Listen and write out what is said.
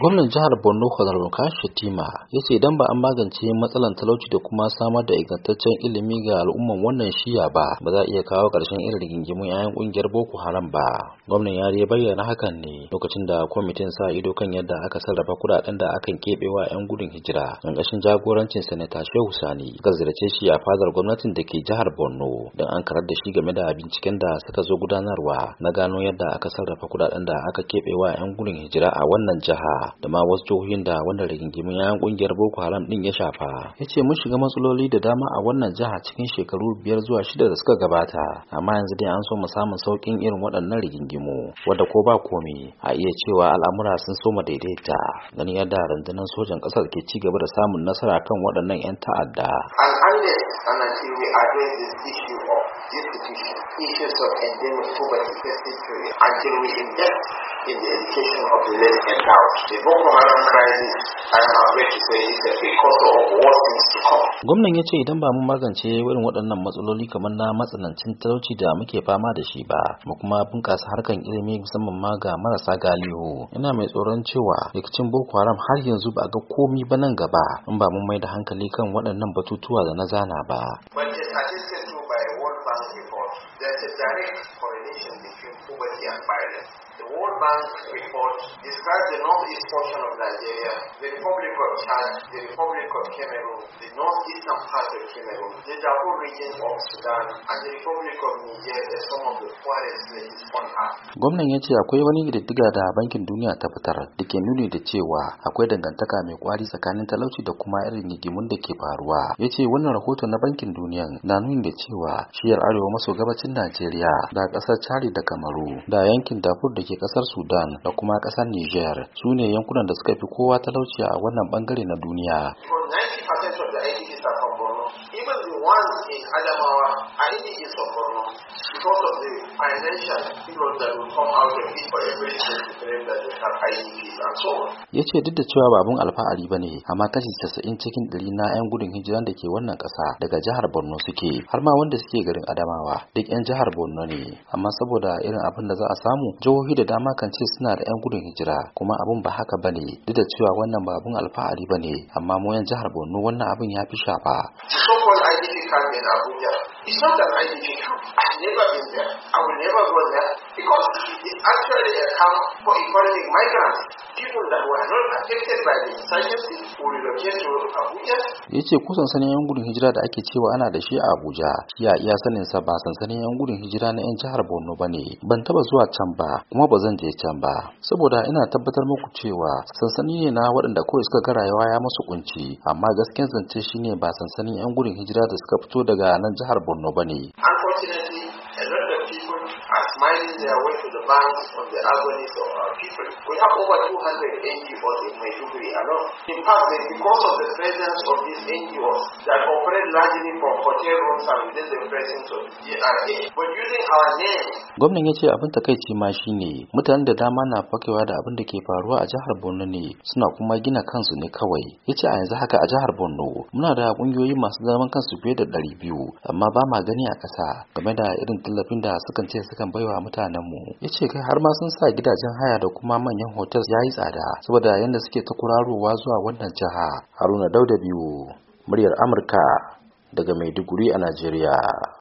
gwamnan jihar borno honorable kashi shatima ya ce idan ba an magance matsalan talauci da kuma samar da ingantaccen ilimi ga al'umman wannan shiya ba ba za a iya kawo karshen irin rigingimun yayan ƙungiyar boko haram ba gwamnan ya bayyana hakan ne lokacin da kwamitin sa ido kan yadda aka sarrafa kuɗaɗen da akan keɓe wa yan gudun hijira ƙarƙashin jagorancin sanata shehu sani ga ziyarce shi a fadar gwamnatin da ke jihar borno don an karar da shi game da binciken da suka zo gudanarwa na gano yadda aka sarrafa kuɗaɗen da aka keɓe wa yan gudun hijira a wannan jiha da ma wasu jihohin da wannan rigingimin yayan kungiyar Boko Haram din ya shafa. Ya ce mun shiga matsaloli da dama a wannan jiha cikin shekaru biyar zuwa shida da suka gabata, amma yanzu dai an so mu samu sauƙin irin waɗannan rigingimu, wadda ko ba komai a iya cewa al'amura sun soma daidaita. Gani yadda rundunar sojan ƙasar ke ci gaba da samun nasara kan waɗannan 'yan ta'adda. issues of endemic poverty, until we invest in the of the less endowed. The Boko Haram crisis, I am afraid to say, is precursor of what things to come. Gwamnan ya ce idan ba mu magance irin waɗannan matsaloli kamar na matsanancin talauci da muke fama da shi ba, mu kuma bunƙasa harkan ilimi musamman ma ga marasa galihu. Ina mai tsoron cewa rikicin Boko Haram har yanzu ba ga komi ba nan gaba in ba mun mai da hankali kan waɗannan batutuwa da na zana ba. But Bank's report describes the northeast portion of Nigeria, the Republic of Chad, the Republic of Cameroon, the north the region of Sudan, and Niger are some of the poorest places Gwamnan ya ce akwai wani diddiga da bankin duniya ta fitar da ke nuni da cewa akwai dangantaka mai kwari tsakanin talauci da kuma irin rigimun da ke faruwa. Ya ce wannan rahoton e na bankin duniya na nuni da cewa shiyar arewa maso gabacin Najeriya da ƙasar Chari da Kamaru e da yankin Darfur da ke ƙasar Sudan da kuma ƙasar Niger su ne yankunan e da suka fi kowa talauci a wannan bangare na duniya. section da ainihin are from Borno. Even the ones in Adamawa ainihin IDPs from Borno because of the financial figures that will come out of it for every single to that they have ainihin and so on. Ya ce duk da cewa ba abun alfahari ba ne, amma kashi casa'in cikin ɗari na 'yan gudun hijiran da ke wannan ƙasa daga jihar Borno suke, har ma wanda suke garin Adamawa duk 'yan jihar Borno ne. Amma saboda irin abin da za a samu, jihohi da dama kan ce suna da 'yan gudun hijira, kuma abin ba haka ba ne, duk da cewa wannan ba abun alfahari ba ne, amma mu 'yan jihar Borno wannan wannan abin ya fi shafa. It's not that never been there. I will never go there. because actually a uh, for economic migrants people that were not affected by the insurgency who relocate to Abuja. Ya ce ko sansanin yan gudun hijira da ake cewa ana da shi a Abuja ya iya sanin sa ba sansanin yan gudun hijira na yan jihar Borno bane ban taba zuwa can ba kuma ba zan je can ba saboda ina tabbatar muku cewa sansani ne na waɗanda kawai suka ga rayuwa ya masu kunci amma gaskiyar zance shine ba sansanin yan gudun hijira da suka fito daga nan jihar Borno bane. Unfortunately A lot of people are smiling their way to the banks on the agonies of our people. We have over 200 NGOs in Maiduguri alone. In fact, because of the presence of these NGOs that operate largely from hotel rooms and within the presence of the GRA, but using our name. Gwamnan ya ce abin takaici ma shi ne. mutanen da dama na fakewa da abin da ke faruwa a jihar Borno ne suna kuma gina kansu ne kawai. Ya ce a yanzu haka a jihar Borno muna da kungiyoyi masu zaman kansu fiye da 200 amma ba ma gani a ƙasa game da irin irin tallafin da sukan ce sukan baiwa mutanen mu yace kai har ma sun sa gidajen haya da kuma manyan hotels yayi tsada saboda yanda suke ta kurarowa zuwa wannan jiha Haruna Dauda biyu muryar Amurka daga Maiduguri a Najeriya